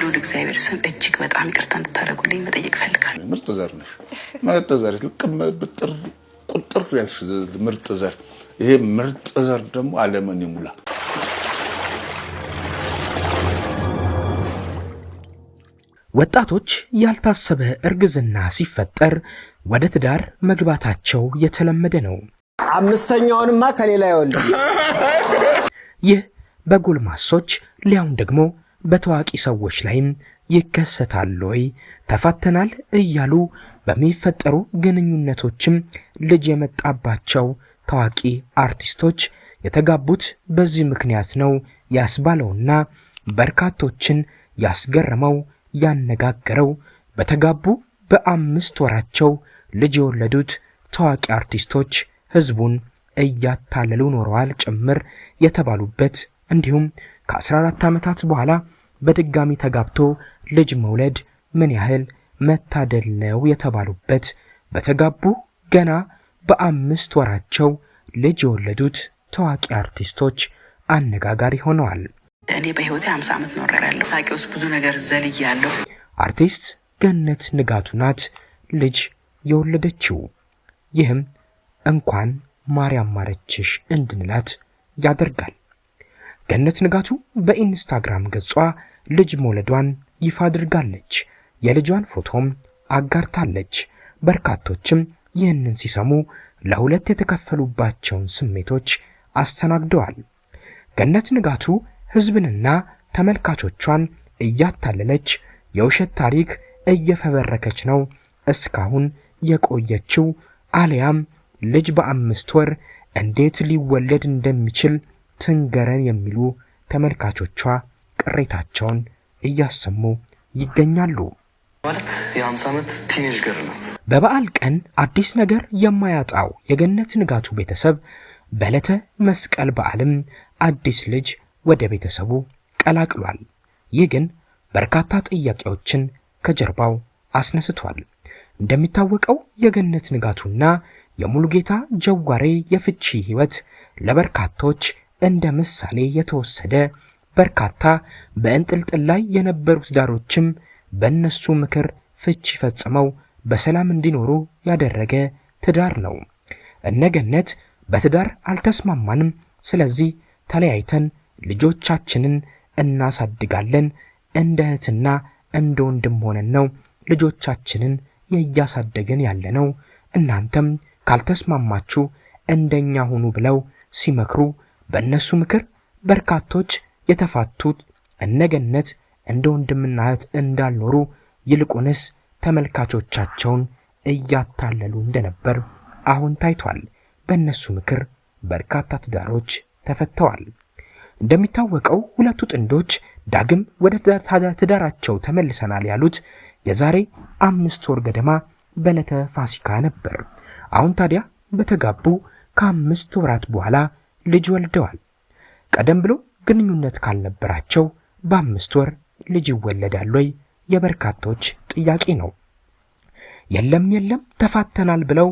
በልዑል እግዚአብሔር ስም እጅግ በጣም ይቅርታ እንድታደርጉልኝ መጠየቅ እፈልጋለሁ። ምርጥ ዘር ነሽ፣ ምርጥ ዘር ብጥር ቁጥር ያልሽ ምርጥ ዘር። ይሄ ምርጥ ዘር ደግሞ ዓለምን ይሙላ። ወጣቶች ያልታሰበ እርግዝና ሲፈጠር ወደ ትዳር መግባታቸው የተለመደ ነው። አምስተኛውንማ ከሌላ ይወልድ። ይህ በጎልማሶች ሊያውም ደግሞ በታዋቂ ሰዎች ላይም ይከሰታል ወይ ተፋተናል እያሉ በሚፈጠሩ ግንኙነቶችም ልጅ የመጣባቸው ታዋቂ አርቲስቶች የተጋቡት በዚህ ምክንያት ነው ያስባለውና በርካቶችን ያስገረመው ያነጋገረው በተጋቡ በአምስት ወራቸው ልጅ የወለዱት ታዋቂ አርቲስቶች ህዝቡን እያታለሉ ኖረዋል ጭምር የተባሉበት እንዲሁም ከ14 ዓመታት በኋላ በድጋሚ ተጋብቶ ልጅ መውለድ ምን ያህል መታደል ነው የተባሉበት በተጋቡ ገና በአምስት ወራቸው ልጅ የወለዱት ታዋቂ አርቲስቶች አነጋጋሪ ሆነዋል። እኔ በሕይወቴ 50 ዓመት ኖሬያለሁ። ሳቄ ውስጥ ብዙ ነገር ዘልያለሁ። አርቲስት ገነት ንጋቱ ናት ልጅ የወለደችው። ይህም እንኳን ማርያም ማረችሽ እንድንላት ያደርጋል። ገነት ንጋቱ በኢንስታግራም ገጿ ልጅ መውለዷን ይፋ አድርጋለች። የልጇን ፎቶም አጋርታለች። በርካቶችም ይህንን ሲሰሙ ለሁለት የተከፈሉባቸውን ስሜቶች አስተናግደዋል። ገነት ንጋቱ ሕዝብንና ተመልካቾቿን እያታለለች የውሸት ታሪክ እየፈበረከች ነው እስካሁን የቆየችው አሊያም ልጅ በአምስት ወር እንዴት ሊወለድ እንደሚችል ትንገረን የሚሉ ተመልካቾቿ ቅሬታቸውን እያሰሙ ይገኛሉ። ማለት የ ዓመት ቲኔጅ ገር ናት። በበዓል ቀን አዲስ ነገር የማያጣው የገነት ንጋቱ ቤተሰብ በዕለተ መስቀል በዓልም አዲስ ልጅ ወደ ቤተሰቡ ቀላቅሏል። ይህ ግን በርካታ ጥያቄዎችን ከጀርባው አስነስቷል። እንደሚታወቀው የገነት ንጋቱና የሙሉጌታ ጀዋሬ የፍቺ ሕይወት ለበርካቶች እንደ ምሳሌ የተወሰደ በርካታ በእንጥልጥል ላይ የነበሩት ዳሮችም በእነሱ ምክር ፍቺ ፈጽመው በሰላም እንዲኖሩ ያደረገ ትዳር ነው። እነገነት በትዳር አልተስማማንም፣ ስለዚህ ተለያይተን ልጆቻችንን እናሳድጋለን፣ እንደ እህትና እንደ ወንድም ሆነን ነው ልጆቻችንን እያሳደግን ያለ ነው። እናንተም ካልተስማማችሁ እንደኛ ሁኑ ብለው ሲመክሩ በእነሱ ምክር በርካቶች የተፋቱት እነገነት እንደ ወንድምና እህት እንዳልኖሩ ይልቁንስ ተመልካቾቻቸውን እያታለሉ እንደነበር አሁን ታይቷል። በእነሱ ምክር በርካታ ትዳሮች ተፈተዋል። እንደሚታወቀው ሁለቱ ጥንዶች ዳግም ወደ ትዳራቸው ተመልሰናል ያሉት የዛሬ አምስት ወር ገደማ በዕለተ ፋሲካ ነበር። አሁን ታዲያ በተጋቡ ከአምስት ወራት በኋላ ልጅ ወልደዋል። ቀደም ብሎ ግንኙነት ካልነበራቸው በአምስት ወር ልጅ ይወለዳል ወይ? የበርካቶች ጥያቄ ነው። የለም የለም ተፋተናል ብለው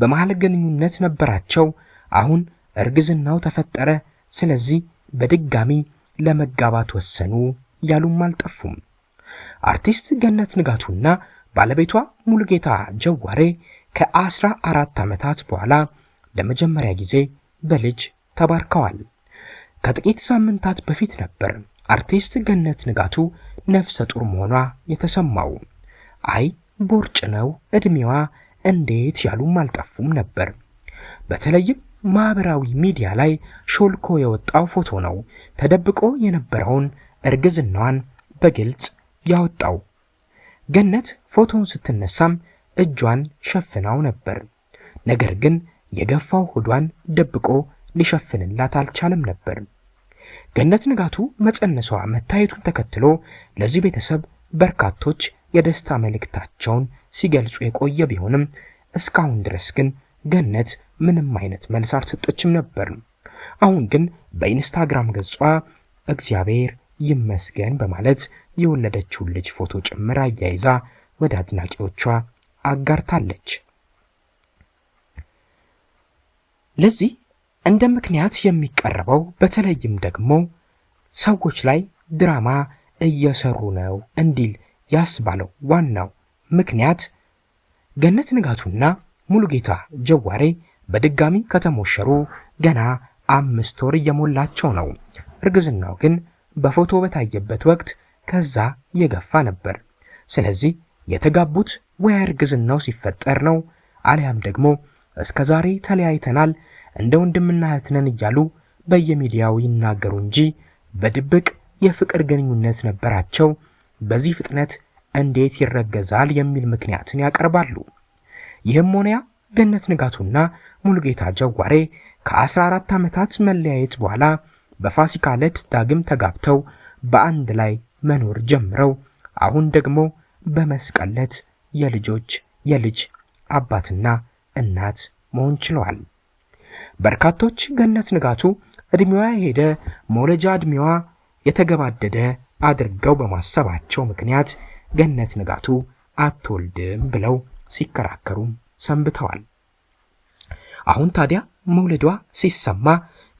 በመሃል ግንኙነት ነበራቸው። አሁን እርግዝናው ተፈጠረ። ስለዚህ በድጋሚ ለመጋባት ወሰኑ ያሉም አልጠፉም። አርቲስት ገነት ንጋቱና ባለቤቷ ሙሉጌታ ጀዋሬ ከአስራ አራት ዓመታት በኋላ ለመጀመሪያ ጊዜ በልጅ ተባርከዋል። ከጥቂት ሳምንታት በፊት ነበር አርቲስት ገነት ንጋቱ ነፍሰ ጡር መሆኗ የተሰማው። አይ ቦርጭ ነው እድሜዋ እንዴት ያሉም አልጠፉም ነበር። በተለይም ማኅበራዊ ሚዲያ ላይ ሾልኮ የወጣው ፎቶ ነው ተደብቆ የነበረውን እርግዝናዋን በግልጽ ያወጣው። ገነት ፎቶውን ስትነሳም እጇን ሸፍናው ነበር። ነገር ግን የገፋው ሆዷን ደብቆ ሊሸፍንላት አልቻለም ነበር። ገነት ንጋቱ መጸነሷ መታየቱን ተከትሎ ለዚህ ቤተሰብ በርካቶች የደስታ መልእክታቸውን ሲገልጹ የቆየ ቢሆንም እስካሁን ድረስ ግን ገነት ምንም አይነት መልስ አልሰጠችም ነበር። አሁን ግን በኢንስታግራም ገጿ እግዚአብሔር ይመስገን በማለት የወለደችውን ልጅ ፎቶ ጭምር አያይዛ ወደ አድናቂዎቿ አጋርታለች። ለዚህ እንደ ምክንያት የሚቀርበው በተለይም ደግሞ ሰዎች ላይ ድራማ እየሰሩ ነው እንዲል ያስባለው ዋናው ምክንያት ገነት ንጋቱና ሙሉጌታ ጀዋሬ በድጋሚ ከተሞሸሩ ገና አምስት ወር እየሞላቸው ነው። እርግዝናው ግን በፎቶ በታየበት ወቅት ከዛ የገፋ ነበር። ስለዚህ የተጋቡት ወይ እርግዝናው ሲፈጠር ነው አሊያም ደግሞ እስከ ዛሬ ተለያይተናል እንደ ወንድምና እህት ነን እያሉ በየሚዲያው ይናገሩ እንጂ በድብቅ የፍቅር ግንኙነት ነበራቸው። በዚህ ፍጥነት እንዴት ይረገዛል የሚል ምክንያትን ያቀርባሉ። ይህም ሆነ ገነት ንጋቱና ሙሉጌታ ጀዋሬ ከ14 ዓመታት መለያየት በኋላ በፋሲካ ዕለት ዳግም ተጋብተው በአንድ ላይ መኖር ጀምረው አሁን ደግሞ በመስቀል ዕለት የልጆች የልጅ አባትና እናት መሆን ችለዋል። በርካቶች ገነት ንጋቱ ዕድሜዋ የሄደ መውለጃ ዕድሜዋ የተገባደደ አድርገው በማሰባቸው ምክንያት ገነት ንጋቱ አትወልድም ብለው ሲከራከሩም ሰንብተዋል። አሁን ታዲያ መውለዷ ሲሰማ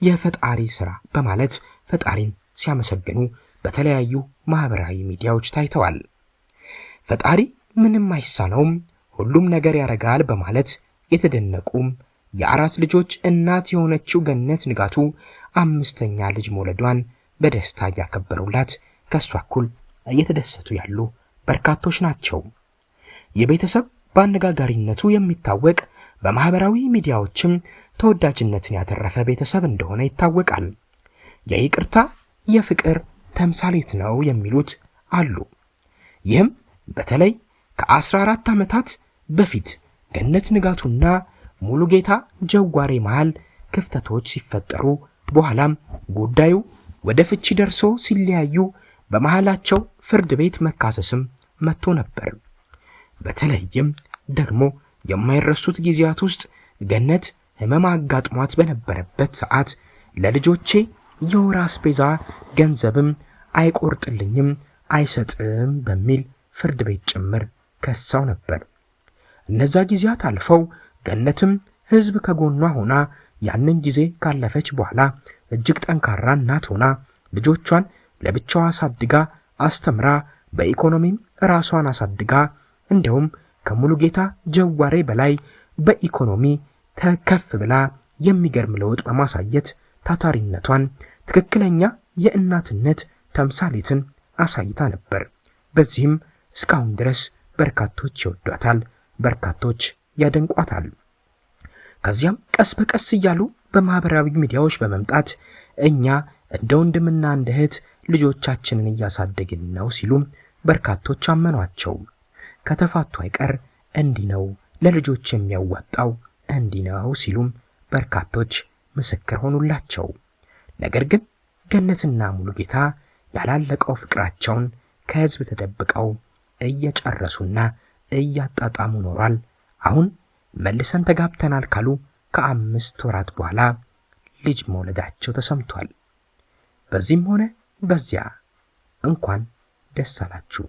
የፈጣሪ ሥራ በማለት ፈጣሪን ሲያመሰግኑ በተለያዩ ማኅበራዊ ሚዲያዎች ታይተዋል። ፈጣሪ ምንም አይሳነውም፣ ሁሉም ነገር ያረጋል በማለት የተደነቁም የአራት ልጆች እናት የሆነችው ገነት ንጋቱ አምስተኛ ልጅ መውለዷን በደስታ እያከበሩላት ከእሷ እኩል እየተደሰቱ ያሉ በርካቶች ናቸው። የቤተሰብ በአነጋጋሪነቱ የሚታወቅ በማኅበራዊ ሚዲያዎችም ተወዳጅነትን ያተረፈ ቤተሰብ እንደሆነ ይታወቃል። የይቅርታ የፍቅር ተምሳሌት ነው የሚሉት አሉ። ይህም በተለይ ከ14 ዓመታት በፊት ገነት ንጋቱና ሙሉጌታ ጀዋሬ መሃል ክፍተቶች ሲፈጠሩ በኋላም ጉዳዩ ወደ ፍቺ ደርሶ ሲለያዩ በመሃላቸው ፍርድ ቤት መካሰስም መጥቶ ነበር። በተለይም ደግሞ የማይረሱት ጊዜያት ውስጥ ገነት ህመም አጋጥሟት በነበረበት ሰዓት ለልጆቼ የወር አስቤዛ ገንዘብም አይቆርጥልኝም አይሰጥም በሚል ፍርድ ቤት ጭምር ከሳው ነበር። እነዛ ጊዜያት አልፈው ገነትም ሕዝብ ከጎኗ ሆና ያንን ጊዜ ካለፈች በኋላ እጅግ ጠንካራ እናት ሆና ልጆቿን ለብቻዋ አሳድጋ አስተምራ በኢኮኖሚም ራሷን አሳድጋ እንዲሁም ጌታ ጀዋሬ በላይ በኢኮኖሚ ተከፍ ብላ የሚገርም ለውጥ በማሳየት ታታሪነቷን ትክክለኛ የእናትነት ተምሳሌትን አሳይታ ነበር። በዚህም እስካሁን ድረስ በርካቶች ይወዷታል፣ በርካቶች ያደንቋታል። ከዚያም ቀስ በቀስ እያሉ በማኅበራዊ ሚዲያዎች በመምጣት እኛ እንደ ወንድምና እንደ እህት ልጆቻችንን እያሳደግን ነው ሲሉም በርካቶች አመኗቸው። ከተፋቱ አይቀር እንዲህ ነው ለልጆች የሚያዋጣው እንዲህ ነው ሲሉም በርካቶች ምስክር ሆኑላቸው። ነገር ግን ገነትና ሙሉጌታ ያላለቀው ፍቅራቸውን ከሕዝብ ተደብቀው እየጨረሱና እያጣጣሙ ኖሯል። አሁን መልሰን ተጋብተናል ካሉ ከአምስት ወራት በኋላ ልጅ መውለዳቸው ተሰምቷል። በዚህም ሆነ በዚያ እንኳን ደስ አላችሁ።